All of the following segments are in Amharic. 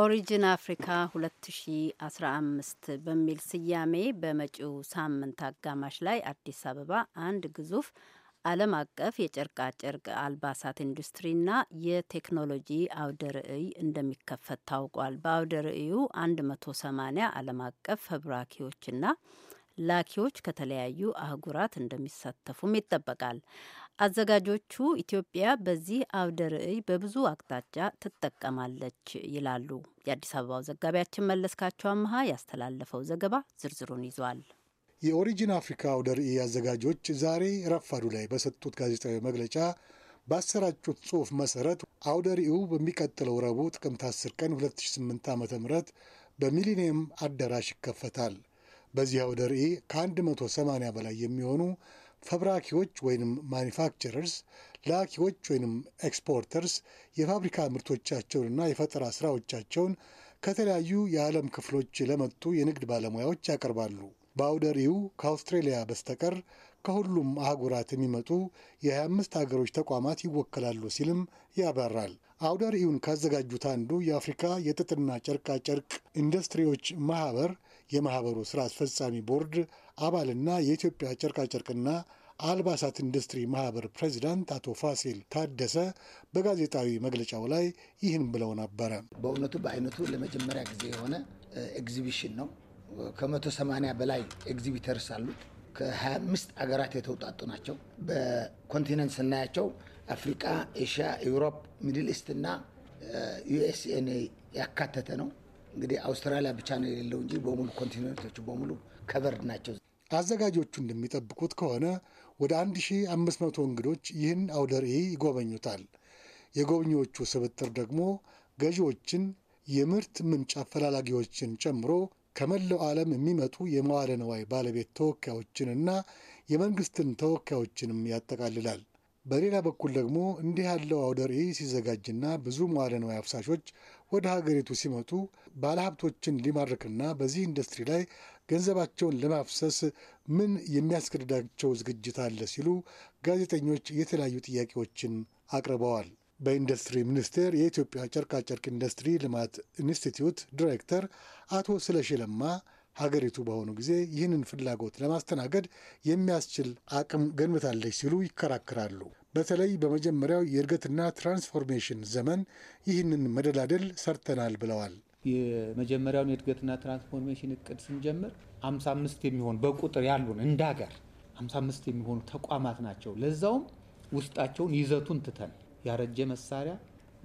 ኦሪጅን አፍሪካ 2015 በሚል ስያሜ በመጪው ሳምንት አጋማሽ ላይ አዲስ አበባ አንድ ግዙፍ ዓለም አቀፍ የጨርቃጨርቅ አልባሳት ኢንዱስትሪና የቴክኖሎጂ አውደ ርዕይ እንደሚከፈት ታውቋል። በአውደ ርዕዩ 180 ዓለም አቀፍ ፈብራኪዎችና ላኪዎች ከተለያዩ አህጉራት እንደሚሳተፉም ይጠበቃል። አዘጋጆቹ ኢትዮጵያ በዚህ አውደ ርዕይ በብዙ አቅጣጫ ትጠቀማለች ይላሉ። የአዲስ አበባው ዘጋቢያችን መለስካቸው አመሃ ያስተላለፈው ዘገባ ዝርዝሩን ይዟል። የኦሪጂን አፍሪካ አውደ ርዕይ አዘጋጆች ዛሬ ረፋዱ ላይ በሰጡት ጋዜጣዊ መግለጫ ባሰራጩት ጽሑፍ መሰረት አውደ ርዕዩ በሚቀጥለው ረቡዕ ጥቅምት 10 ቀን 2008 ዓ ም በሚሊኒየም አዳራሽ ይከፈታል። በዚህ አውደ ርዕይ ከ180 በላይ የሚሆኑ ፈብራኪዎች ወይም ማኒፋክቸረርስ፣ ላኪዎች ወይም ኤክስፖርተርስ የፋብሪካ ምርቶቻቸውንና የፈጠራ ስራዎቻቸውን ከተለያዩ የዓለም ክፍሎች ለመጡ የንግድ ባለሙያዎች ያቀርባሉ። በአውደ ርዕዩ ከአውስትሬሊያ በስተቀር ከሁሉም አህጉራት የሚመጡ የ25 ሀገሮች ተቋማት ይወከላሉ ሲልም ያብራራል። አውደ ርዕዩን ካዘጋጁት አንዱ የአፍሪካ የጥጥና ጨርቃጨርቅ ኢንዱስትሪዎች ማህበር የማህበሩ ስራ አስፈጻሚ ቦርድ አባልና የኢትዮጵያ ጨርቃጨርቅና አልባሳት ኢንዱስትሪ ማህበር ፕሬዚዳንት አቶ ፋሲል ታደሰ በጋዜጣዊ መግለጫው ላይ ይህን ብለው ነበረ። በእውነቱ በአይነቱ ለመጀመሪያ ጊዜ የሆነ ኤግዚቢሽን ነው። ከመቶ ሰማንያ በላይ ኤግዚቢተርስ አሉት። ከ25 አገራት የተውጣጡ ናቸው። በኮንቲነንት ስናያቸው አፍሪካ፣ ኤሽያ፣ ዩሮፕ፣ ሚድል ኢስት እና ዩኤስኤን ያካተተ ነው። እንግዲህ አውስትራሊያ ብቻ ነው የሌለው እንጂ በሙሉ ኮንቲኔንቶቹ በሙሉ ከበርድ ናቸው። አዘጋጆቹ እንደሚጠብቁት ከሆነ ወደ 1500 እንግዶች ይህን አውደ ርዕይ ይጎበኙታል። የጎብኚዎቹ ስብጥር ደግሞ ገዢዎችን፣ የምርት ምንጭ አፈላላጊዎችን ጨምሮ ከመላው ዓለም የሚመጡ የመዋለ ነዋይ ባለቤት ተወካዮችንና የመንግስትን ተወካዮችንም ያጠቃልላል። በሌላ በኩል ደግሞ እንዲህ ያለው አውደ ርዕይ ሲዘጋጅና ብዙ መዋለ ንዋይ አፍሳሾች ወደ ሀገሪቱ ሲመጡ ባለሀብቶችን ሊማርክና በዚህ ኢንዱስትሪ ላይ ገንዘባቸውን ለማፍሰስ ምን የሚያስገድዳቸው ዝግጅት አለ ሲሉ ጋዜጠኞች የተለያዩ ጥያቄዎችን አቅርበዋል። በኢንዱስትሪ ሚኒስቴር የኢትዮጵያ ጨርቃጨርቅ ኢንዱስትሪ ልማት ኢንስቲትዩት ዲሬክተር አቶ ስለሺ ለማ ሀገሪቱ በአሁኑ ጊዜ ይህንን ፍላጎት ለማስተናገድ የሚያስችል አቅም ገንብታለች ሲሉ ይከራከራሉ። በተለይ በመጀመሪያው የእድገትና ትራንስፎርሜሽን ዘመን ይህንን መደላደል ሰርተናል ብለዋል። የመጀመሪያውን የእድገትና ትራንስፎርሜሽን እቅድ ስንጀምር 55 የሚሆን በቁጥር ያሉን እንደ ሀገር 55 የሚሆኑ ተቋማት ናቸው። ለዛውም ውስጣቸውን ይዘቱን ትተን ያረጀ መሳሪያ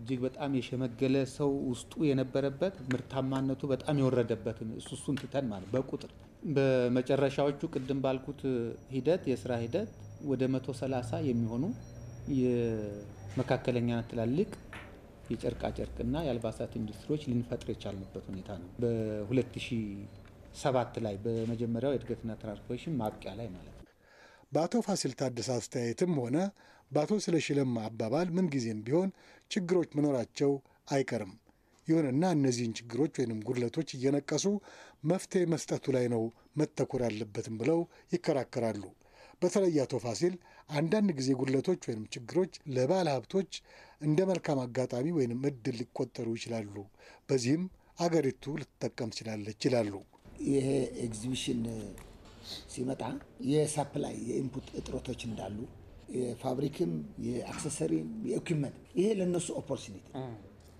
እጅግ በጣም የሸመገለ ሰው ውስጡ የነበረበት ምርታማነቱ በጣም የወረደበትን እሱሱን ትተን ማለት በቁጥር በመጨረሻዎቹ ቅድም ባልኩት ሂደት የስራ ሂደት ወደ 130 የሚሆኑ የመካከለኛ ትላልቅ የጨርቃጨርቅና የአልባሳት ኢንዱስትሪዎች ልንፈጥር የቻልንበት ሁኔታ ነው። በ2007 ላይ በመጀመሪያው የእድገትና ትራንስፎርሜሽን ማብቂያ ላይ ማለት ነው። በአቶ ፋሲል ታደሰ አስተያየትም ሆነ በአቶ ስለሽለማ አባባል ምንጊዜም ቢሆን ችግሮች መኖራቸው አይቀርም። ይሁንና እነዚህን ችግሮች ወይንም ጉድለቶች እየነቀሱ መፍትሄ መስጠቱ ላይ ነው መተኮር ያለበትም ብለው ይከራከራሉ። በተለይ አቶ ፋሲል አንዳንድ ጊዜ ጉድለቶች ወይም ችግሮች ለባለ ሀብቶች እንደ መልካም አጋጣሚ ወይም እድል ሊቆጠሩ ይችላሉ። በዚህም አገሪቱ ልትጠቀም ትችላለች ይላሉ። ይሄ ኤግዚቢሽን ሲመጣ የሳፕላይ የኢንፑት እጥረቶች እንዳሉ የፋብሪክም የአክሰሰሪም የኢኩመንት ይሄ ለነሱ ኦፖርቹኒቲ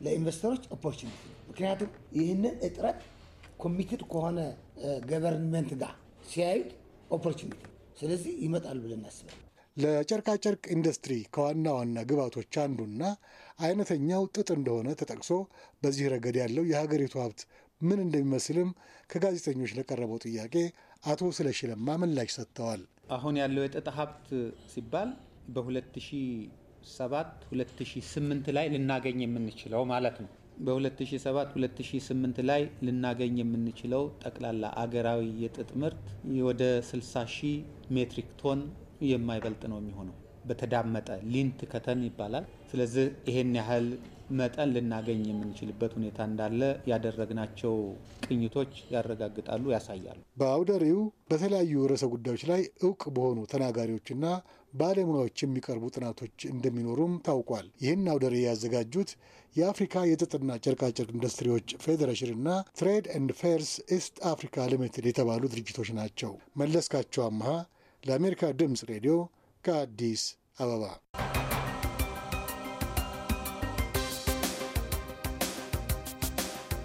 ለኢንቨስተሮች ኦፖርቹኒቲ ምክንያቱም ይህንን እጥረት ኮሚትድ ከሆነ ገቨርንመንት ጋር ሲያዩት ኦፖርቹኒቲ ስለዚህ ይመጣል ብለን እናስባለን። ለጨርቃጨርቅ ኢንዱስትሪ ከዋና ዋና ግብዓቶች አንዱና አይነተኛው ጥጥ እንደሆነ ተጠቅሶ በዚህ ረገድ ያለው የሀገሪቱ ሀብት ምን እንደሚመስልም ከጋዜጠኞች ለቀረበው ጥያቄ አቶ ስለሺ ለማ ምላሽ ሰጥተዋል። አሁን ያለው የጥጥ ሀብት ሲባል በ2007 2008 ላይ ልናገኝ የምንችለው ማለት ነው። በ2007 2008 ላይ ልናገኝ የምንችለው ጠቅላላ አገራዊ የጥጥ ምርት ወደ 60 ሺህ ሜትሪክ ቶን የማይበልጥ ነው የሚሆነው በተዳመጠ ሊንት ከተን ይባላል። ስለዚህ ይሄን ያህል መጠን ልናገኝ የምንችልበት ሁኔታ እንዳለ ያደረግናቸው ቅኝቶች ያረጋግጣሉ፣ ያሳያሉ። በአውደ ርዕዩ በተለያዩ ርዕሰ ጉዳዮች ላይ እውቅ በሆኑ ተናጋሪዎችና ባለሙያዎች የሚቀርቡ ጥናቶች እንደሚኖሩም ታውቋል። ይህን አውደሪ ያዘጋጁት የአፍሪካ የጥጥና ጨርቃጨርቅ ኢንዱስትሪዎች ፌዴሬሽንና ትሬድ ኤንድ ፌርስ ኢስት አፍሪካ ሊሚትድ የተባሉ ድርጅቶች ናቸው። መለስካቸው አምሃ ለአሜሪካ ድምፅ ሬዲዮ ከአዲስ አበባ